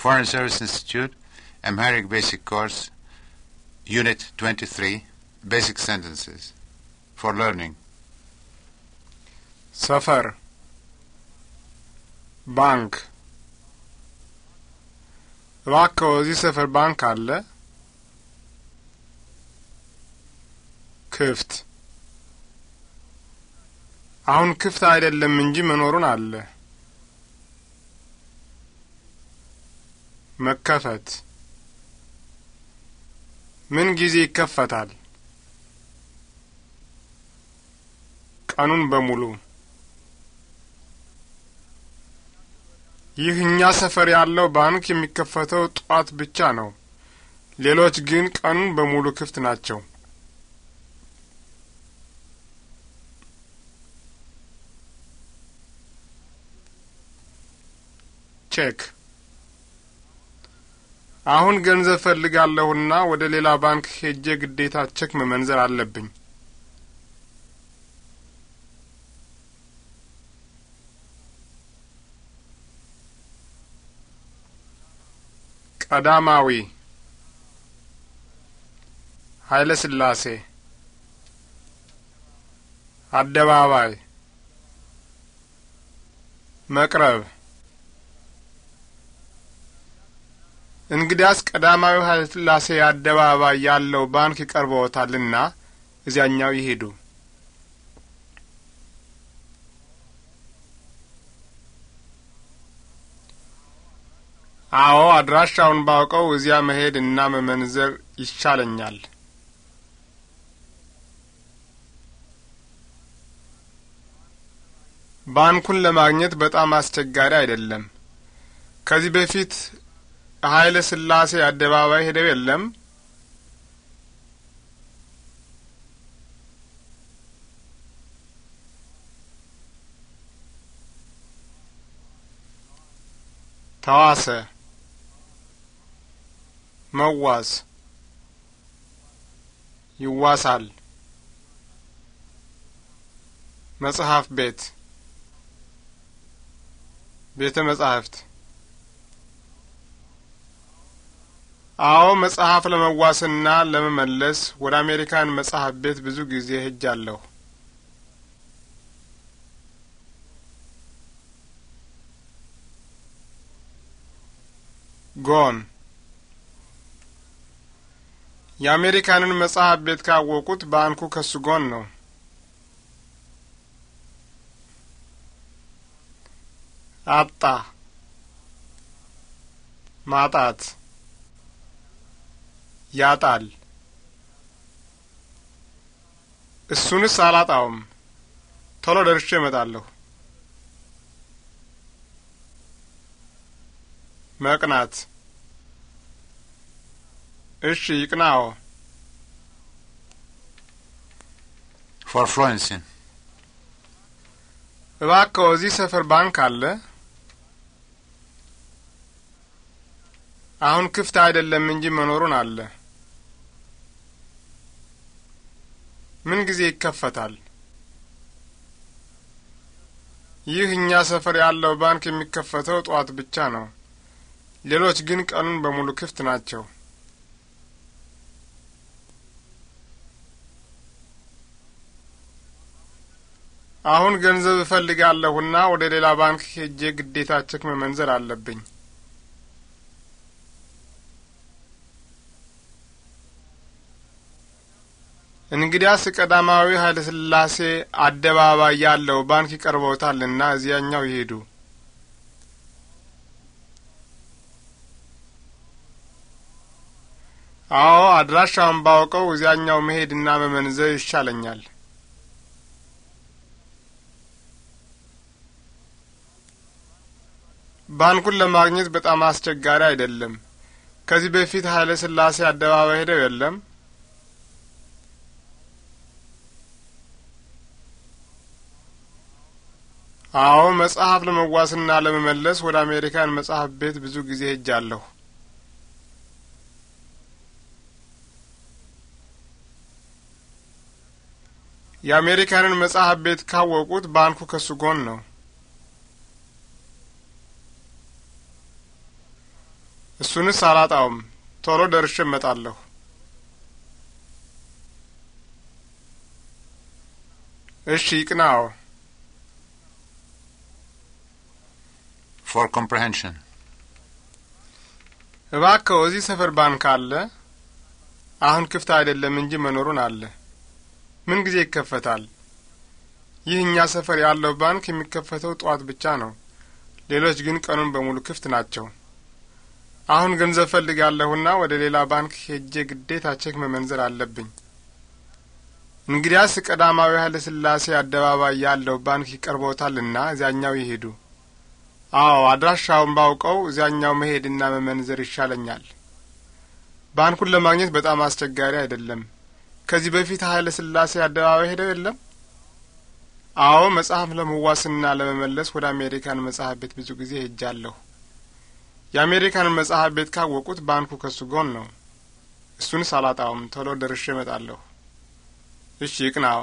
Foreign Service Institute, Amharic Basic Course, Unit 23, Basic Sentences for Learning. Safar Bank Vakko di Safar Bank alle Kift Aun Kift aydellem minji menorun alle. መከፈት ምን ጊዜ ይከፈታል? ቀኑን በሙሉ። ይህ እኛ ሰፈር ያለው ባንክ የሚከፈተው ጧት ብቻ ነው። ሌሎች ግን ቀኑን በሙሉ ክፍት ናቸው። ቼክ አሁን ገንዘብ ፈልጋለሁና ወደ ሌላ ባንክ ሄጄ ግዴታ ቼክ መመንዘር አለብኝ። ቀዳማዊ ኃይለ ሥላሴ አደባባይ መቅረብ እንግዲያስ ቀዳማዊ ኃይለ ሥላሴ አደባባይ ያለው ባንክ ይቀርበዎታልና እዚያኛው ይሄዱ። አዎ አድራሻውን ባውቀው እዚያ መሄድ እና መመንዘር ይቻለኛል። ባንኩን ለማግኘት በጣም አስቸጋሪ አይደለም። ከዚህ በፊት ኃይለ ስላሴ አደባባይ ሄደው የለም? ተዋሰ መዋዝ ይዋሳል መጽሐፍ ቤት ቤተ መጻሕፍት አዎ መጽሐፍ ለመዋስና ለመመለስ ወደ አሜሪካን መጽሐፍ ቤት ብዙ ጊዜ ሄጃለሁ። ጎን የአሜሪካንን መጽሐፍ ቤት ካወቁት ባንኩ ከሱ ጎን ነው። አጣ ማጣት ያጣል። እሱንስ አላጣውም። ቶሎ ደርሼ እመጣለሁ። መቅናት እሺ፣ ይቅናዎ። ፎር ፍሎንሲን እባክዎ፣ እዚህ ሰፈር ባንክ አለ? አሁን ክፍት አይደለም እንጂ መኖሩን አለ። ምን ጊዜ ይከፈታል? ይህ እኛ ሰፈር ያለው ባንክ የሚከፈተው ጠዋት ብቻ ነው። ሌሎች ግን ቀኑን በሙሉ ክፍት ናቸው። አሁን ገንዘብ እፈልጋለሁና ወደ ሌላ ባንክ ሄጄ ግዴታ ቼክ መመንዘር አለብኝ። እንግዲያስ ቀዳማዊ ኃይለ ሥላሴ አደባባይ ያለው ባንክ ይቀርበውታልና እዚያኛው ይሄዱ። አዎ አድራሻውን ባውቀው እዚያኛው መሄድና መመንዘብ ይሻለኛል። ባንኩን ለማግኘት በጣም አስቸጋሪ አይደለም። ከዚህ በፊት ኃይለ ሥላሴ አደባባይ ሄደው የለም? አዎ መጽሐፍ ለመዋስና ለመመለስ ወደ አሜሪካን መጽሐፍ ቤት ብዙ ጊዜ ሄጃለሁ። የአሜሪካንን መጽሐፍ ቤት ካወቁት ባንኩ ከሱ ጎን ነው። እሱንስ አላጣውም። ቶሎ ደርሼ እመጣለሁ። እሺ ይቅናዎ። for comprehension እባክዎ እዚህ ሰፈር ባንክ አለ? አሁን ክፍት አይደለም እንጂ መኖሩን አለ። ምን ጊዜ ይከፈታል? ይህ እኛ ሰፈር ያለው ባንክ የሚከፈተው ጠዋት ብቻ ነው። ሌሎች ግን ቀኑን በሙሉ ክፍት ናቸው። አሁን ገንዘብ ፈልጋለሁና ወደ ሌላ ባንክ ሄጄ ግዴታ ቼክ መመንዘር አለብኝ። እንግዲያስ ቀዳማዊ ኃይለ ሥላሴ አደባባይ ያለው ባንክ ይቀርቦታልና እዚያኛው ይሄዱ። አዎ፣ አድራሻውን ባውቀው እዚያኛው መሄድና መመንዘር ይሻለኛል። ባንኩን ለማግኘት በጣም አስቸጋሪ አይደለም። ከዚህ በፊት ኃይለ ሥላሴ አደባባይ ሄደው የለም? አዎ፣ መጽሐፍ ለመዋስና ለመመለስ ወደ አሜሪካን መጽሐፍ ቤት ብዙ ጊዜ ሄጃለሁ። የአሜሪካንን መጽሐፍ ቤት ካወቁት ባንኩ ከሱ ጎን ነው። እሱን ሳላጣውም ቶሎ ደርሼ እመጣለሁ። እሺ፣ ይቅናዋ።